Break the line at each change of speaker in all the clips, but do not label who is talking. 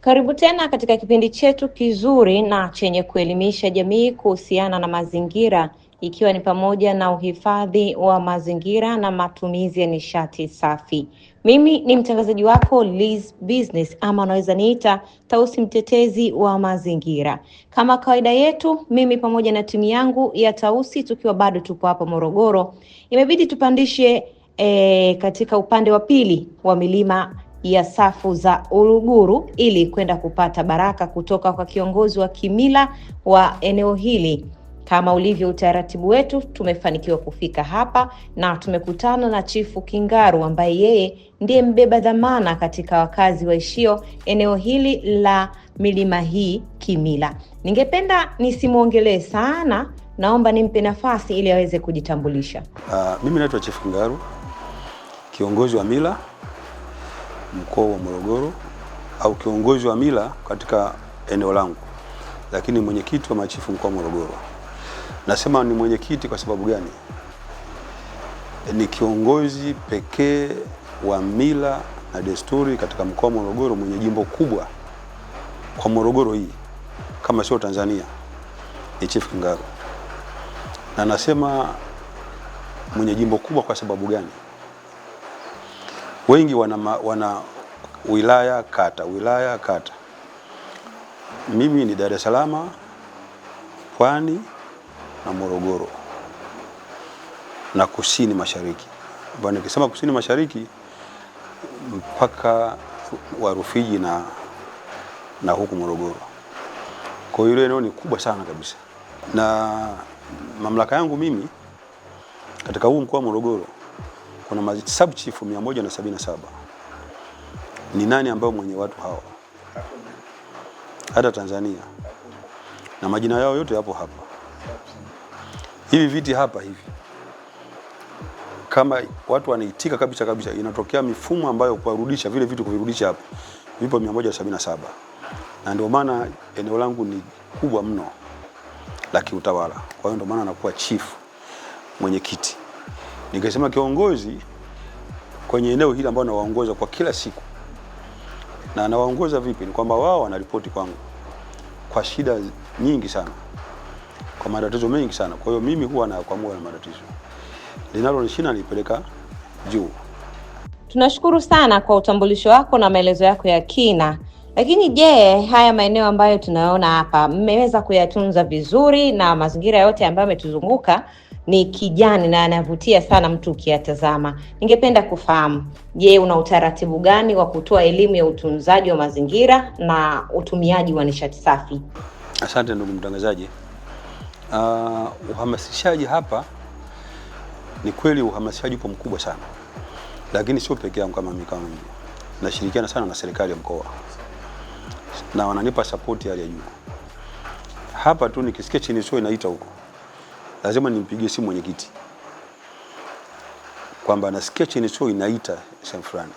Karibu tena katika kipindi chetu kizuri na chenye kuelimisha jamii kuhusiana na mazingira ikiwa ni pamoja na uhifadhi wa mazingira na matumizi ya nishati safi. Mimi ni mtangazaji wako Liz Business ama unaweza niita Tausi mtetezi wa mazingira. Kama kawaida yetu, mimi pamoja na timu yangu ya Tausi tukiwa bado tupo hapa Morogoro, imebidi tupandishe e, katika upande wa pili wa milima ya safu za Uluguru ili kwenda kupata baraka kutoka kwa kiongozi wa kimila wa eneo hili. Kama ulivyo utaratibu wetu, tumefanikiwa kufika hapa na tumekutana na Chifu Kingaru ambaye yeye ndiye mbeba dhamana katika wakazi waishio eneo hili la milima hii kimila. Ningependa nisimwongelee sana, naomba nimpe nafasi ili aweze kujitambulisha. Uh, mimi naitwa Chifu Kingaru, kiongozi wa mila mkoa wa Morogoro au kiongozi wa mila katika eneo langu, lakini mwenyekiti wa machifu mkoa wa Morogoro. Nasema ni mwenyekiti kwa sababu gani? Ni kiongozi pekee wa mila na desturi katika mkoa wa Morogoro mwenye jimbo kubwa kwa Morogoro hii kama sio Tanzania ni Chief Kingalu. Na nasema mwenye jimbo kubwa kwa sababu gani? wengi wana, wana wilaya kata wilaya kata. Mimi ni Dar es Salaam, Pwani na Morogoro na kusini mashariki. Bwana, nikisema kusini mashariki mpaka wa Rufiji na, na huku Morogoro. Kwa hiyo ile eneo ni kubwa sana kabisa, na mamlaka yangu mimi katika huu mkoa wa Morogoro kuna sub chief 177. Ni nani ambao mwenye watu hawa? Hata Tanzania na majina yao yote yapo hapa. Hivi viti hapa hivi, kama watu wanaitika kabisa kabisa, inatokea mifumo ambayo kuwarudisha vile vitu kuvirudisha hapa, vipo 177 na ndio maana eneo langu ni kubwa mno la kiutawala. Kwa hiyo ndio maana anakuwa chief mwenyekiti. Nikasema kiongozi kwenye eneo hili ambao nawaongoza kwa kila siku, na nawaongoza vipi? Ni kwamba wao wanaripoti kwangu kwa shida nyingi sana, kwa matatizo mengi sana. Kwa hiyo mimi huwa nakwamua na matatizo, linalonishina nipeleka
juu. Tunashukuru sana kwa utambulisho wako na maelezo yako ya kina. Lakini je, haya maeneo ambayo tunaona hapa mmeweza kuyatunza vizuri na mazingira yote ambayo yametuzunguka ni kijani na anavutia sana mtu ukiyatazama. Ningependa kufahamu, je, una utaratibu gani wa kutoa elimu ya utunzaji wa mazingira na utumiaji wa nishati safi?
Asante ndugu mtangazaji. Uh, uhamasishaji hapa ni kweli, uhamasishaji upo mkubwa sana, lakini sio peke yangu. Kama mikaa nashirikiana sana na serikali ya mkoa na wananipa sapoti hali ya juu. Hapa tu nikisikia chini sio inaita huko lazima nimpigie simu mwenyekiti kwamba nasikia sio inaita sehemu fulani,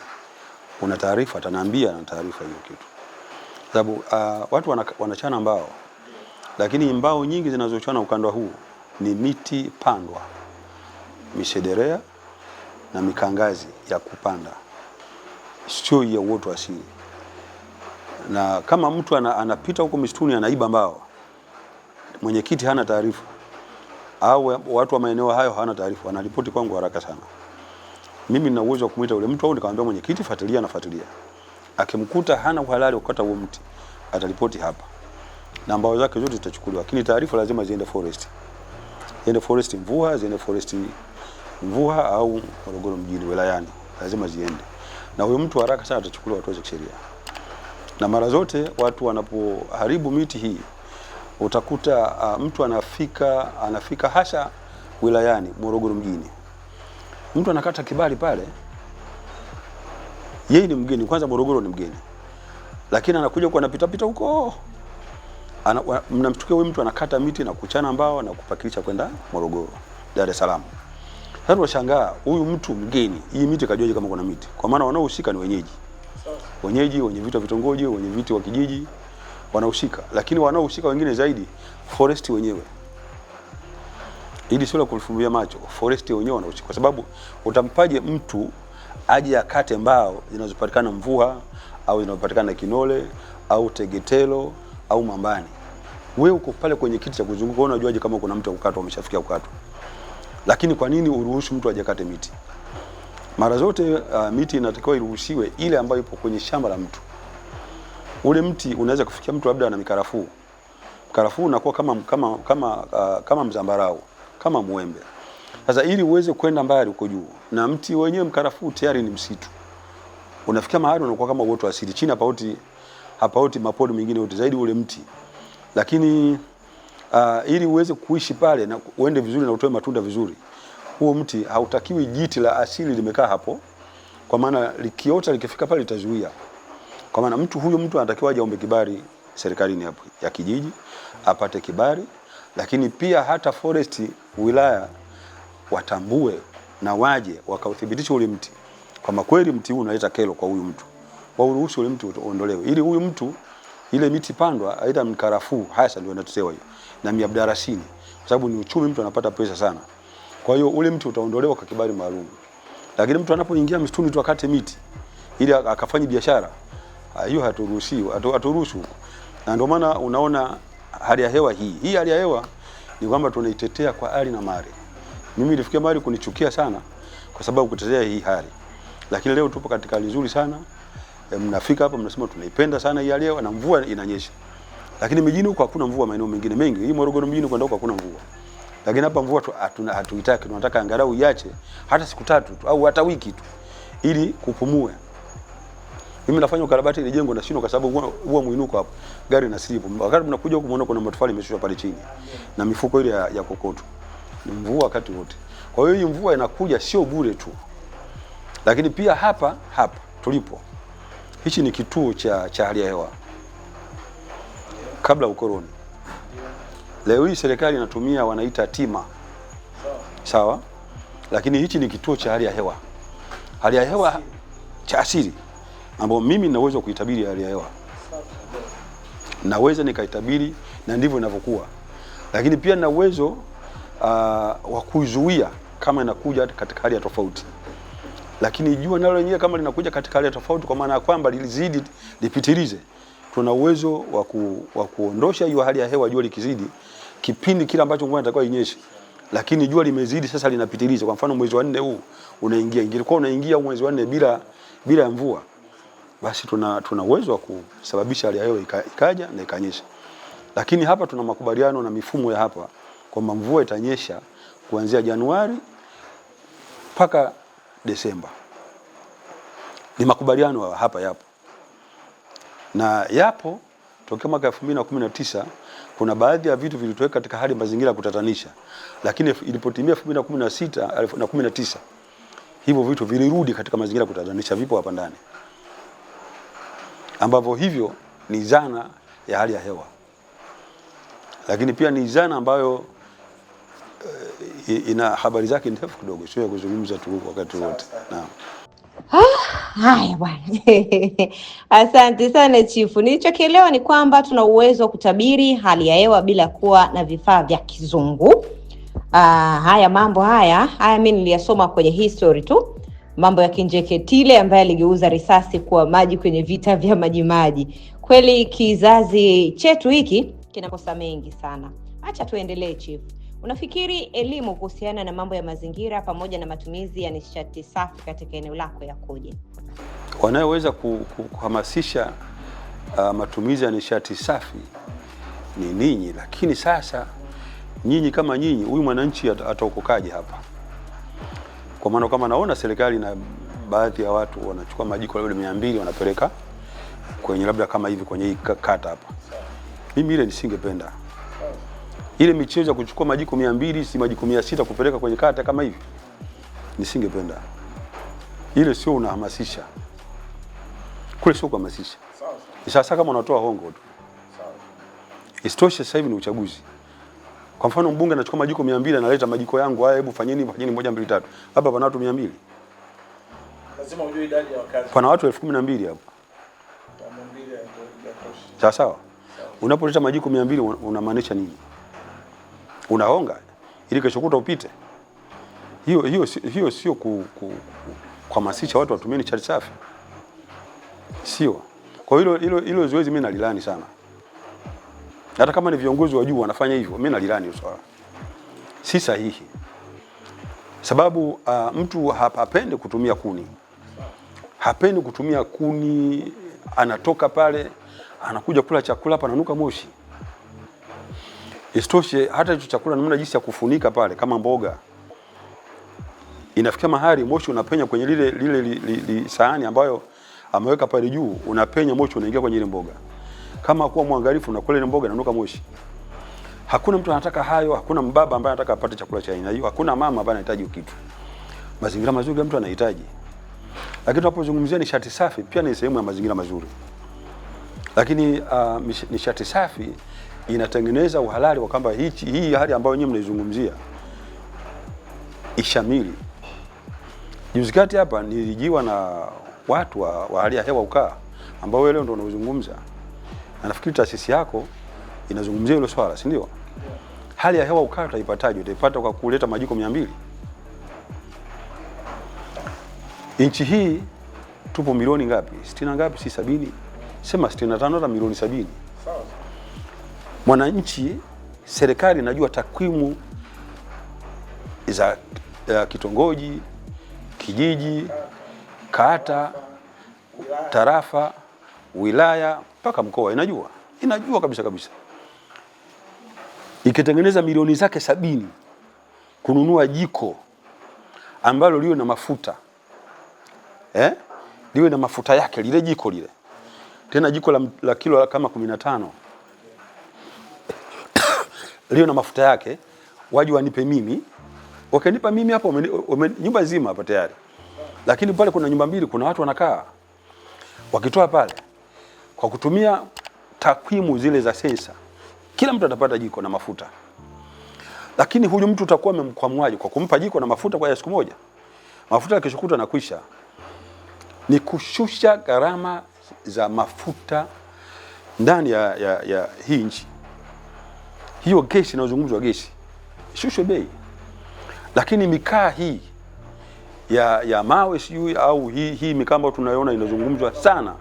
una taarifa? Ataniambia na taarifa hiyo kitu, sababu uh, watu wana, wanachana mbao, lakini mbao nyingi zinazochana ukanda huu ni miti pandwa, mishederea na mikangazi ya kupanda, sio ya uoto asili. Na kama mtu anapita ana huko mistuni anaiba mbao, mwenyekiti hana taarifa au watu wa maeneo hayo hawana taarifa, wanaripoti kwangu haraka sana. Mimi nina uwezo wa kumuita yule mtu au nikamwambia mwenyekiti, fuatilia, na fuatilia. Akimkuta hana uhalali wa kukata huo mti, ataripoti hapa na mbao zake zote zitachukuliwa, lakini taarifa lazima ziende forest, ziende forest mvua, ziende forest mvua au Morogoro mjini wilayani, lazima ziende, na huyo mtu haraka sana atachukuliwa hatua za kisheria. Na mara zote watu wanapoharibu miti hii utakuta uh, mtu anafika anafika hasa wilayani Morogoro mjini, mtu anakata kibali pale, yeye ni mgeni kwanza, Morogoro ni mgeni, lakini anakuja kwa anapita pita huko, mnamchukia huyu mtu, anakata miti na kuchana mbao na kupakilisha kwenda Morogoro, Dar es Salaam. Sasa tunashangaa huyu mtu mgeni, hii miti kajuaje kama kuna miti? Kwa maana wanaohusika ni wenyeji, wenyeji wenye vitu wa vitongoji, wenye viti wa kijiji wanahusika, lakini wanaohusika wengine zaidi forest wenyewe. ili sio la kufumbia macho, forest wenyewe wanahusika, kwa sababu utampaje mtu aje akate mbao zinazopatikana Mvuha au zinazopatikana Kinole au Tegetelo au Mambani? Wewe uko pale kwenye kiti cha kuzunguka, unajuaje kama kuna mtu akukata, ameshafikia kukatwa? Lakini kwa nini uruhusu mtu akate miti? Mara zote uh, miti inatakiwa iruhusiwe ile ambayo ipo kwenye shamba la mtu ule mti unaweza kufikia mtu labda ana mikarafuu. Mkarafuu unakuwa kama kama kama uh, kama mzambarau, kama mwembe. Sasa ili uweze kwenda mbali huko juu, na mti wenyewe mkarafuu tayari ni msitu. Unafikia mahali unakuwa kama uoto asili. Chini hapaoti hapaoti mapori mengine yote zaidi ule mti. Lakini uh, ili uweze kuishi pale na uende vizuri na utoe matunda vizuri, huo mti hautakiwi jiti la asili limekaa hapo, kwa maana likiota likifika pale litazuia kwa maana mtu huyo mtu anatakiwa aje aombe kibali serikalini hapo ya kijiji apate kibali, lakini pia hata forest wilaya watambue na waje wakauthibitisha ule mti kama kweli mti huu unaleta kero kwa huyu mtu, wauruhusu ule mti uondolewe, ili huyu mtu ile miti pandwa, aidha mkarafuu hasa ndio inatusewa hiyo na miabdarasini, kwa sababu ni uchumi, mtu anapata pesa sana. Kwa hiyo ule mti utaondolewa kwa kibali maalum, lakini mtu anapoingia msituni tu akate miti ili akafanye biashara hiyo haturuhusiwi, haturuhusu huko, na ndio maana unaona hali ya hewa hii hii hali ya hewa ni kwamba tunaitetea kwa hali na mali. Mimi ilifikia mahali kunichukia sana kwa sababu kutetea hii hali, lakini leo tupo katika hali nzuri sana e, mnafika hapa mnasema tunaipenda sana hii hali ya hewa na mvua inanyesha, lakini mjini huko hakuna mvua, maeneo mengine mengi hii Morogoro mjini kwenda huko hakuna mvua, lakini hapa mvua hatuitaki, tunataka angalau iache hata siku tatu tu au hata wiki tu ili kupumue mimi nafanya ukarabati ile jengo na shino, kwa sababu huwa muinuko hapo, gari na slipu. Wakati mnakuja huko, mnaona kuna matofali yameshushwa pale chini na mifuko ile ya, ya kokoto, ni mvua wakati wote. Kwa hiyo hii mvua inakuja sio bure tu, lakini pia hapa hapa tulipo, hichi ni kituo cha cha hali ya hewa kabla ukoloni. Leo hii serikali inatumia wanaita tima, sawa, lakini hichi ni kituo cha hali ya hewa, hali ya hewa cha asili ambao mimi naweza kuitabiri hali ya hewa, naweza nikaitabiri na ndivyo inavyokuwa, lakini pia na uwezo uh, wa kuizuia kama inakuja katika hali ya tofauti. Lakini jua nalo lenyewe kama linakuja katika hali ya tofauti, kwa maana ya kwamba lilizidi lipitilize, tuna uwezo wa waku, kuondosha hiyo hali ya hewa jua likizidi kipindi kile ambacho mvua inatakiwa inyeshe lakini jua limezidi sasa linapitiliza. Kwa mfano mwezi wa nne huu unaingia ingilikuwa unaingia mwezi wa nne bila bila mvua, basi tuna tuna uwezo wa kusababisha hali ya hewa ikaja na ikanyesha. Lakini hapa tuna makubaliano na mifumo ya hapa kwamba mvua itanyesha kuanzia Januari mpaka Desemba. Ni makubaliano hapa yapo na yapo tokea mwaka 2019 kuna baadhi ya vitu vilitoweka katika hali mazingira ya kutatanisha, lakini ilipotimia 2016 na 19 hivyo vitu vilirudi katika mazingira ya kutatanisha, vipo hapa ndani ambavyo hivyo ni zana ya hali ya hewa, lakini pia ni zana ambayo eh, ina habari zake ndefu kidogo, sio ya kuzungumza tu
wakati wote. Naam. Ah, haya bwana, asante sana chifu. Nilichokielewa ni kwamba tuna uwezo wa kutabiri hali ya hewa bila kuwa na vifaa vya kizungu. Ah, haya mambo haya haya, mimi niliyasoma kwenye history tu mambo ya Kinjeketile ambaye aligeuza risasi kuwa maji kwenye vita vya majimaji. Kweli kizazi chetu hiki kinakosa mengi sana. Acha tuendelee, Chief. Unafikiri elimu kuhusiana na mambo ya mazingira pamoja na matumizi ya nishati safi katika eneo lako yakoje?
Wanayoweza kuhamasisha uh, matumizi ya nishati safi ni ninyi, lakini sasa nyinyi kama nyinyi, huyu mwananchi ataokokaje hapa? Kwa maana kama naona serikali na baadhi ya watu wanachukua majiko labda mia mbili wanapeleka kwenye labda kama hivi kwenye hii kata hapa, mimi ile nisingependa ile michezo ya kuchukua majiko mia mbili si majiko mia sita kupeleka kwenye kata kama hivi, nisingependa ile. Sio unahamasisha kule, sio kuhamasisha. Sasa kama unatoa hongo tu, isitoshe sasa hivi ni uchaguzi. Kwa mfano mbunge anachukua majiko 200 analeta majiko yangu haya, hebu fanyeni fanyeni moja mbili tatu. Hapa pana watu 200.
Lazima ujue idadi
ya wakazi. Pana watu
12000 hapa.
Sawa sawa. Unapoleta majiko 200 unamaanisha nini? Unaonga ili kesho kuta upite. Hiyo hiyo hiyo sio ku, ku, kuhamasisha watu watumieni chari safi. Sio. Kwa hilo hilo hilo zoezi mimi nalilani sana hata kama ni viongozi wa juu wanafanya hivyo, mimi nalilani hiyo swala, si sahihi. Sababu uh, mtu hapapendi kutumia kuni, hapendi kutumia kuni, anatoka pale anakuja kula chakula hapa, ananuka moshi. Isitoshe hata hicho chakula namna jinsi ya kufunika pale, kama mboga inafikia mahali moshi unapenya kwenye lile, lile li, li, li, sahani ambayo ameweka pale juu, unapenya moshi unaingia kwenye ile mboga kama kuwa mwangalifu na kule mboga na nuka moshi. Hakuna mtu anataka hayo, hakuna mbaba ambaye anataka apate chakula cha aina hiyo, hakuna mama ambaye anahitaji kitu. Mazingira mazuri mtu anahitaji. Lakini tunapozungumzia nishati safi pia ni sehemu ya mazingira mazuri. Lakini uh, nishati safi inatengeneza uhalali wa kwamba hichi hii hali ambayo nyinyi mnaizungumzia ishamili. Juzi kati hapa nilijiwa na watu wa, wa hali ya hewa ukaa ambao leo ndio unaozungumza na nafikiri taasisi yako inazungumzia hilo swala, si ndio? Hali ya hewa ukaa utaipataje? Utaipata kwa kuleta majiko mia mbili. Nchi hii tupo milioni ngapi? sitini ngapi? si sabini? Sema sitini na tano hata milioni sabini. Mwananchi, serikali inajua takwimu za uh, kitongoji, kijiji, kata, tarafa wilaya mpaka mkoa, inajua inajua kabisa kabisa, ikitengeneza milioni zake sabini kununua jiko ambalo liwe na mafuta eh? liwe na mafuta yake lile jiko lile, tena jiko la, la kilo la kama kumi na tano liwe na mafuta yake, waje wanipe mimi. Wakinipa mimi hapo, nyumba nzima hapa tayari. Lakini pale kuna nyumba mbili, kuna watu wanakaa wakitoa pale kwa kutumia takwimu zile za sensa, kila mtu atapata jiko na mafuta. Lakini huyu mtu utakuwa umemkwamwaje kwa kumpa jiko na mafuta kwa siku moja? Mafuta yakishukutwa na kuisha. Ni kushusha gharama za mafuta ndani ya, ya, ya hii nchi. Hiyo gesi inayozungumzwa gesi shushwe bei, lakini mikaa hii ya, ya mawe sijui au hii, hii mikaa ambayo tunaiona inazungumzwa sana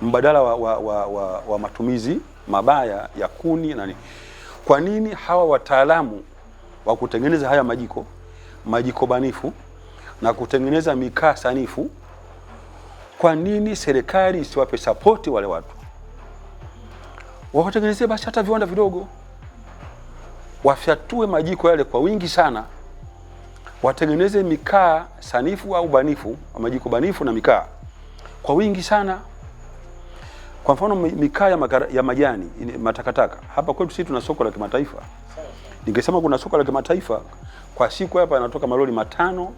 mbadala wa, wa, wa, wa, wa matumizi mabaya ya kuni na nini. Kwa nini hawa wataalamu wa kutengeneza haya majiko majiko banifu na kutengeneza mikaa sanifu, kwa nini serikali isiwape sapoti wale watu wawatengenezee basi hata viwanda vidogo, wafyatue majiko yale kwa wingi sana, watengeneze mikaa sanifu au banifu, majiko banifu na mikaa kwa wingi sana. Kwa mfano mikaa ya, ya majani matakataka, hapa kwetu sisi tuna soko la kimataifa. Ningesema kuna soko la kimataifa kwa siku, hapa yanatoka malori matano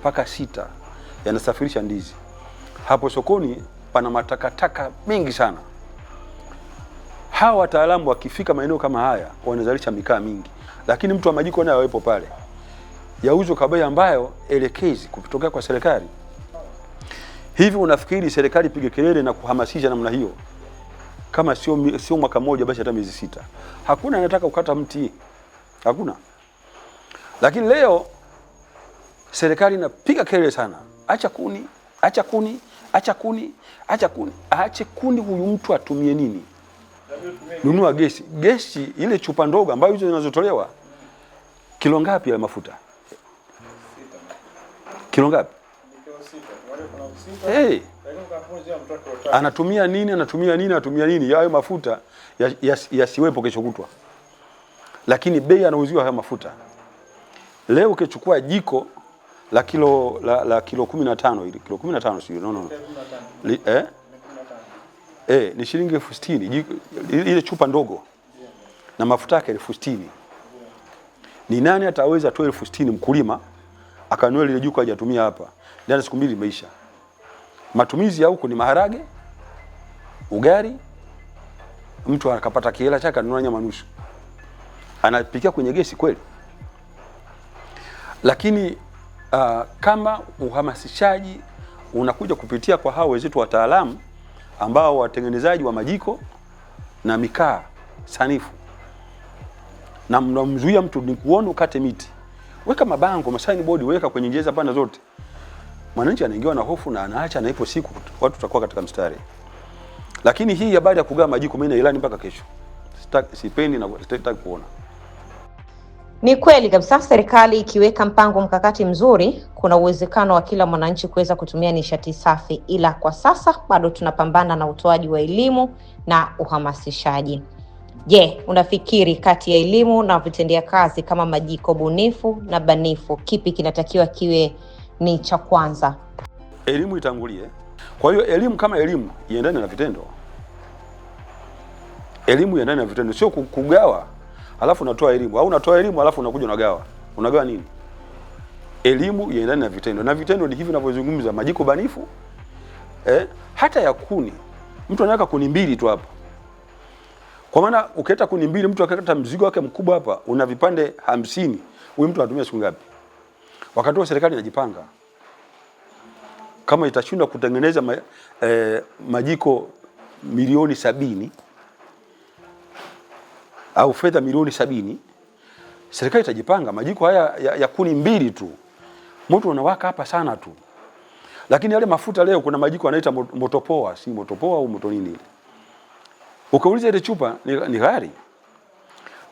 mpaka sita yanasafirisha ndizi. Hapo sokoni pana matakataka mengi sana. Hawa wataalamu wakifika maeneo kama haya wanazalisha mikaa mingi, lakini mtu wa majiko naye awepo pale, yauzwe kwa bei ambayo elekezi kutokea kwa serikali. Hivi unafikiri serikali ipige kelele na kuhamasisha namna hiyo kama sio sio mwaka mmoja basi hata miezi sita? Hakuna anataka kukata mti, hakuna. Lakini leo serikali inapiga kelele sana, acha kuni, acha kuni, acha kuni, acha kuni. Aache kuni, huyu mtu atumie nini? Nunua gesi. Gesi ile chupa ndogo ambayo hizo zinazotolewa kilo ngapi ya mafuta? Kilo ngapi? hey. Anatumia nini? Anatumia nini? Anatumia nini? Hayo mafuta yasiwepo ya, ya kesho kutwa, lakini bei anauziwa haya mafuta leo. Ukichukua jiko la kilo la, la kilo 15 ili kilo 15 sio no, no. Li, eh? Eh, ni shilingi elfu sitini ile chupa ndogo na mafuta yake elfu sitini Ni nani ataweza toa elfu sitini mkulima akanua lile jiko hajatumia hapa ndani siku mbili imeisha. Matumizi ya huku ni maharage, ugali, mtu akapata kihela chake anunua nyama nusu, anapikia kwenye gesi kweli, lakini uh, kama uhamasishaji unakuja kupitia kwa hao wenzetu wataalamu ambao watengenezaji wa majiko na mikaa sanifu, na mnamzuia mtu ni kuona ukate miti, weka mabango masaini bodi, weka kwenye njia pana zote mwananchi anaingiwa na hofu na anaacha, na ipo siku watu tutakuwa katika mstari. Lakini hii habari ya kugawa majiko, mimi na ilani mpaka kesho sipendi na
sitaki kuona. Ni kweli kabisa, serikali ikiweka mpango mkakati mzuri, kuna uwezekano wa kila mwananchi kuweza kutumia nishati safi, ila kwa sasa bado tunapambana na utoaji wa elimu na uhamasishaji. Je, unafikiri kati ya elimu na vitendea kazi kama majiko bunifu na banifu, kipi kinatakiwa kiwe ni cha kwanza.
Elimu itangulie. Kwa hiyo elimu kama elimu iendane na vitendo, elimu iendane na vitendo, sio kugawa alafu unatoa elimu au unatoa elimu alafu unakuja unagawa. Unagawa nini? Elimu iendane na vitendo, na vitendo ni hivi ninavyozungumza, majiko banifu eh, hata ya kuni, mtu anaweka kuni mbili tu hapa kwa maana ukileta kuni mbili, mtu akakata mzigo wake mkubwa hapa, una vipande hamsini, huyu mtu anatumia siku ngapi? Wakati huo serikali inajipanga kama itashindwa kutengeneza ma, eh, majiko milioni sabini au fedha milioni sabini serikali itajipanga. Majiko haya ya, ya kuni mbili tu, moto unawaka hapa sana tu, lakini yale mafuta leo kuna majiko anaita motopoa, si motopoa au moto nini? Ukauliza ile chupa ni, ni ghali,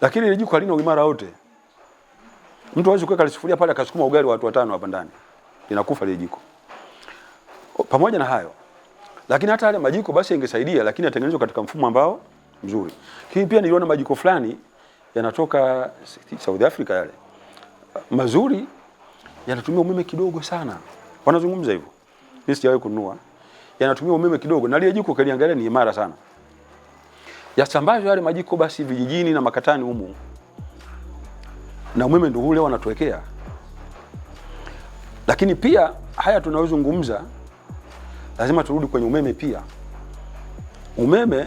lakini ile jiko halina uimara wote. Mtu hawezi kuweka sufuria pale akasukuma ugali wa watu watano hapa ndani. Linakufa ile jiko. Pamoja na hayo, lakini hata yale majiko basi yangesaidia, lakini yatengenezwe katika mfumo ambao mzuri. Hii pia niliona majiko fulani yanatoka South Africa yale. Mazuri yanatumia umeme kidogo sana. Wanazungumza hivyo. Mimi sijawahi kununua. Yanatumia umeme kidogo na ile jiko kaliangalia ni imara sana. Yasambazwe yale majiko basi vijijini na makatani humu na umeme ndio ule wanatuwekea. Lakini pia haya tunayozungumza, lazima turudi kwenye umeme pia. Umeme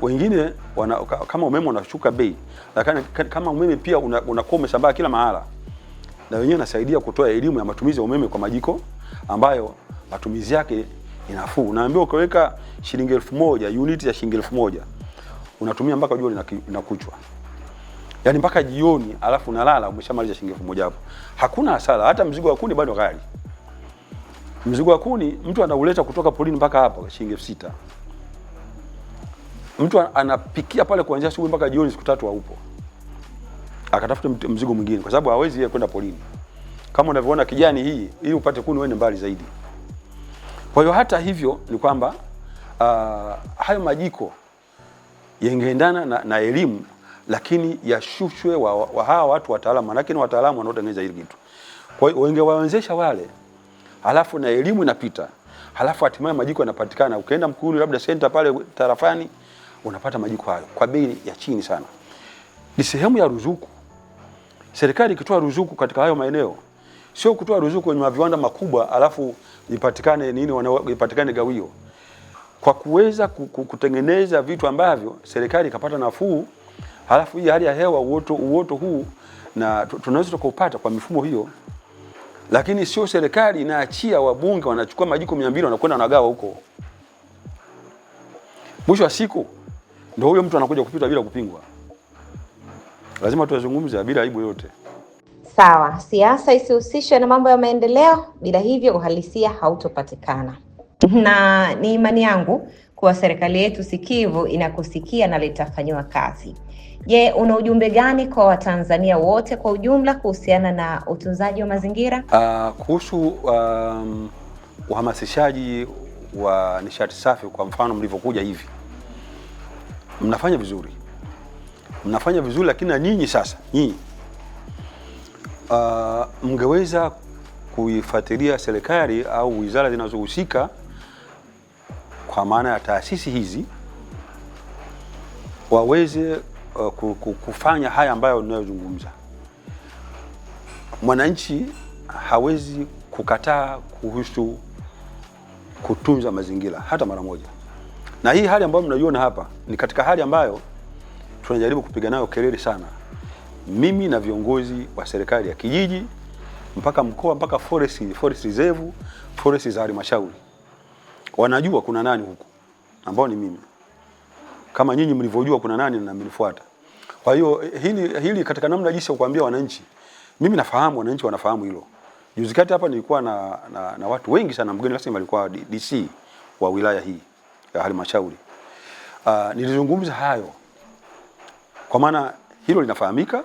wengine wana, kama umeme unashuka bei, lakini kama umeme pia unakuwa una umesambaa kila mahala, na wenyewe nasaidia kutoa elimu ya matumizi ya umeme kwa majiko ambayo matumizi yake inafuu naambia Naambiwa ukiweka shilingi elfu moja unit ya shilingi elfu moja unatumia mpaka jua linakuchwa. Yaani mpaka jioni alafu nalala, umeshamaliza shilingi elfu moja hapo. Hakuna hasara, hata mzigo wa kuni bado ghali. Mzigo wa kuni mtu anauleta kutoka polini mpaka hapa shilingi elfu sita. Mtu anapikia pale kuanzia asubuhi mpaka jioni siku tatu haupo. Akatafuta mzigo mwingine kwa sababu hawezi yeye kwenda polini. Kama unavyoona kijani hii ili upate kuni uende mbali zaidi. Kwa hiyo hata hivyo ni kwamba uh, hayo majiko yengeendana na, na elimu lakini yashushwe wa, wa hawa watu wataalamu, manake ni wataalamu wanaotengeneza hili kitu. Kwa hiyo wengewawezesha wale, halafu na elimu inapita, halafu hatimaye majiko yanapatikana. Ukienda Mkuru labda senta pale tarafani, unapata majiko hayo kwa bei ya chini sana. Ni sehemu ya ruzuku, serikali ikitoa ruzuku katika hayo maeneo sio kutoa ruzuku kwenye viwanda makubwa alafu ipatikane nini, ipatikane gawio kwa kuweza kutengeneza vitu ambavyo serikali ikapata nafuu Halafu hii hali ya hewa, uoto, uoto huu na tunaweza tukaupata kwa mifumo hiyo, lakini sio serikali inaachia wabunge wanachukua majiko 200 wanakwenda wanagawa huko. Mwisho wa siku ndio huyo mtu anakuja kupita bila kupingwa. Lazima tuwazungumze bila aibu yote.
Sawa, siasa isihusishwe na mambo ya maendeleo, bila hivyo uhalisia hautopatikana. Na ni imani yangu kuwa serikali yetu sikivu inakusikia na litafanyiwa kazi. Je, una ujumbe gani kwa Watanzania wote kwa ujumla kuhusiana na utunzaji wa
mazingira? Uh, kuhusu um, uhamasishaji wa nishati safi, kwa mfano mlivyokuja hivi, mnafanya vizuri, mnafanya vizuri, lakini na nyinyi sasa, nyinyi uh, mngeweza kuifuatilia serikali au wizara zinazohusika kwa maana ya taasisi hizi waweze uh, kufanya haya ambayo ninayozungumza. Mwananchi hawezi kukataa kuhusu kutunza mazingira hata mara moja, na hii hali ambayo mnaiona hapa ni katika hali ambayo tunajaribu kupiga nayo kelele sana, mimi na viongozi wa serikali ya kijiji mpaka mkoa mpaka forest, forest reserve, forest za halmashauri wanajua kuna nani huku ambao ni mimi, kama nyinyi mlivyojua kuna nani na mmenifuata. Kwa hiyo eh, hili, hili katika namna jinsi ya kuambia wananchi, mimi nafahamu wananchi wanafahamu hilo. Juzi kati hapa nilikuwa na, na, na watu wengi sana, mgeni rasmi alikuwa DC wa wilaya hii ya halmashauri. Uh, nilizungumza hayo kwa maana hilo linafahamika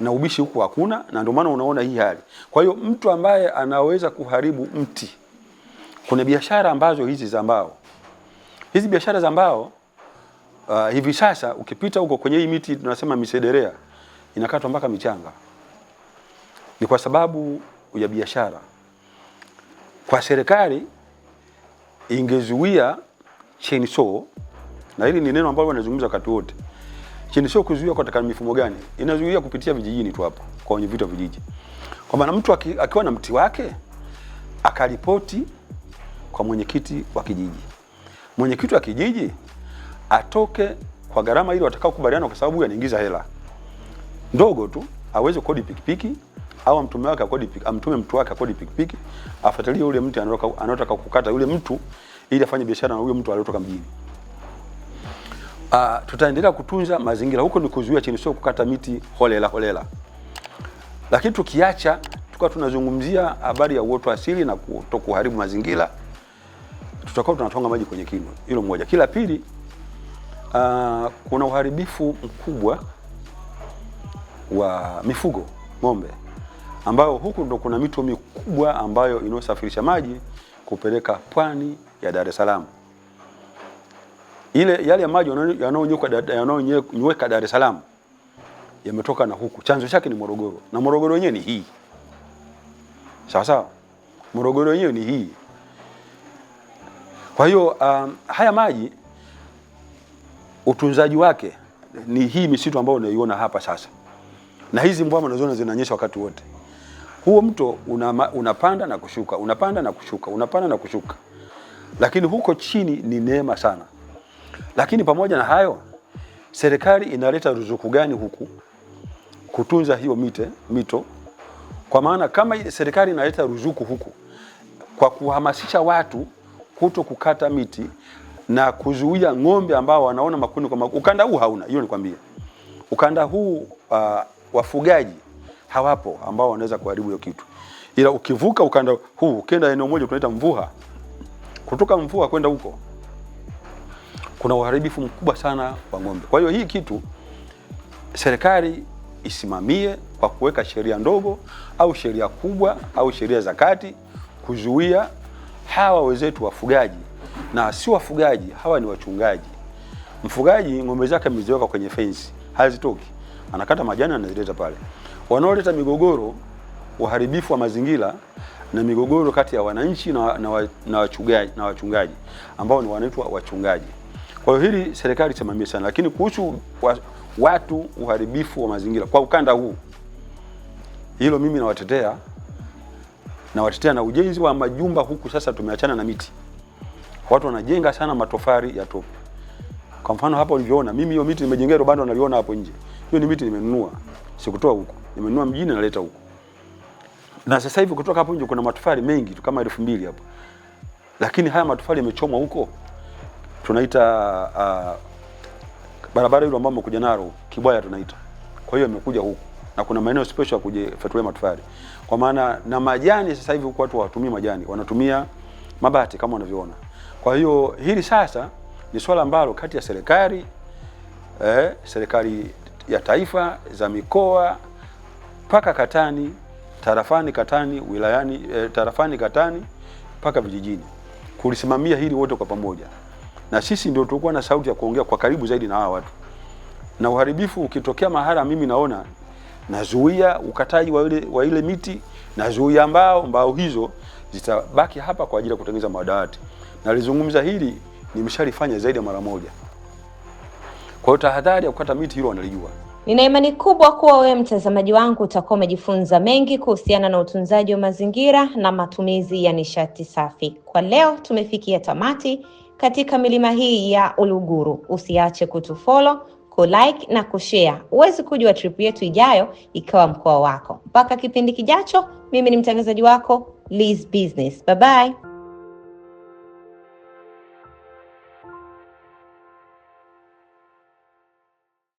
na ubishi huku hakuna, na ndio maana unaona hii hali. Kwa hiyo mtu ambaye anaweza kuharibu mti kuna biashara ambazo hizi za mbao, hizi biashara za mbao uh, hivi sasa ukipita huko kwenye hii miti tunasema misederea inakatwa mpaka michanga, ni kwa sababu ya biashara. Kwa serikali ingezuia chainsaw, na hili ni neno ambalo wanazungumza wakati wote chainsaw. Kuzuia kwa mifumo gani? Inazuia kupitia vijijini tu hapo kwa wenye vitu vijiji, kwa maana mtu akiwa na mti wake akaripoti kwa mwenyekiti wa kijiji. Mwenyekiti wa kijiji atoke kwa gharama ile watakaokubaliana, kwa sababu anaingiza hela ndogo tu, aweze kodi pikipiki au amtume wake akodi, amtume mtu wake akodi pikipiki, afuatilie yule mtu anayotaka kukata yule mtu, ili afanye biashara na huyo mtu aliyotoka mjini. Uh, tutaendelea kutunza mazingira huko, ni kuzuia chini, sio kukata miti holela holela. Lakini tukiacha tukawa tunazungumzia habari ya uoto asili na kutokuharibu mazingira, mm tutakuwa tunatwanga maji kwenye kinu. Hilo moja. Kila pili, uh, kuna uharibifu mkubwa wa mifugo ng'ombe, ambayo huku ndo kuna mito mikubwa ambayo inayosafirisha maji kupeleka pwani ya Dar es Salaam. Ile yale maji yanayonyweka Dar es Salaam yametoka na huku, chanzo chake ni Morogoro, na Morogoro wenyewe ni hii. Sawa sawa, Morogoro wenyewe ni hii kwa hiyo um, haya maji utunzaji wake ni hii misitu ambayo unaiona hapa sasa, na hizi mbwama unaziona zinanyesha wakati wote. Huo mto una, unapanda na kushuka, unapanda na kushuka, unapanda na kushuka, lakini huko chini ni neema sana. Lakini pamoja na hayo, serikali inaleta ruzuku gani huku kutunza hiyo mite, mito? Kwa maana kama serikali inaleta ruzuku huku kwa kuhamasisha watu kuto kukata miti na kuzuia ng'ombe ambao wanaona makundi kwa makundi. Ukanda huu hauna hiyo, nikwambie, ukanda huu uh, wafugaji hawapo ambao wanaweza kuharibu hiyo kitu, ila ukivuka ukanda huu ukienda eneo moja tunaita Mvuha, kutoka Mvuha kwenda huko kuna uharibifu mkubwa sana wa ng'ombe. Kwa hiyo hii kitu serikali isimamie kwa kuweka sheria ndogo au sheria kubwa au sheria za kati kuzuia hawa wenzetu wafugaji, na si wafugaji, hawa ni wachungaji. Mfugaji ng'ombe zake ameziweka kwenye fensi, hazitoki, anakata majani anazileta pale. Wanaoleta migogoro, uharibifu wa mazingira na migogoro kati ya wananchi na, na, na, wachungaji, na wachungaji ambao ni wanaitwa wachungaji. Kwa hiyo hili serikali isimamie sana, lakini kuhusu wa, watu uharibifu wa mazingira kwa ukanda huu, hilo mimi nawatetea na watetea na ujenzi wa majumba huku. Sasa tumeachana na miti, watu wanajenga sana matofari ya tope. Kwa mfano hapa ulivyoona, mimi hiyo miti nimejengea hilo bando naliona hapo nje, hiyo ni miti nimenunua, sikutoa huko, nimenunua mjini naleta huko. Na sasa hivi kutoka hapo nje kuna matofali mengi tu kama elfu mbili hapo, lakini haya matofali yamechomwa huko, tunaita uh, barabara ile ambayo mmekuja naro Kibwaya tunaita. Kwa hiyo imekuja huko na kuna maeneo special ya kujifuatulia matofali, kwa maana na majani. Sasa hivi watu hawatumii majani, wanatumia mabati kama wanavyoona. Kwa hiyo hili sasa ni swala ambalo kati ya serikali eh, serikali ya taifa za mikoa mpaka Katani tarafani Katani wilayani eh, tarafani Katani mpaka vijijini kulisimamia hili wote kwa pamoja, na sisi ndio tulikuwa na sauti ya kuongea kwa karibu zaidi na hawa watu. Na uharibifu ukitokea mahala, mimi naona nazuia ukataji wa ile, wa ile miti nazuia mbao, mbao hizo zitabaki hapa kwa ajili ya kutengeneza madawati. Nalizungumza hili nimeshalifanya zaidi ya mara moja. Kwa hiyo tahadhari ya kukata miti hilo wanalijua.
Nina imani kubwa kuwa wewe mtazamaji wangu utakuwa umejifunza mengi kuhusiana na utunzaji wa mazingira na matumizi ya nishati safi. Kwa leo tumefikia tamati katika milima hii ya Uluguru. Usiache kutufollow like na kushare. Huwezi kujua trip yetu ijayo ikawa mkoa wako. Mpaka kipindi kijacho, mimi ni mtangazaji wako Liz Business. Bye bye.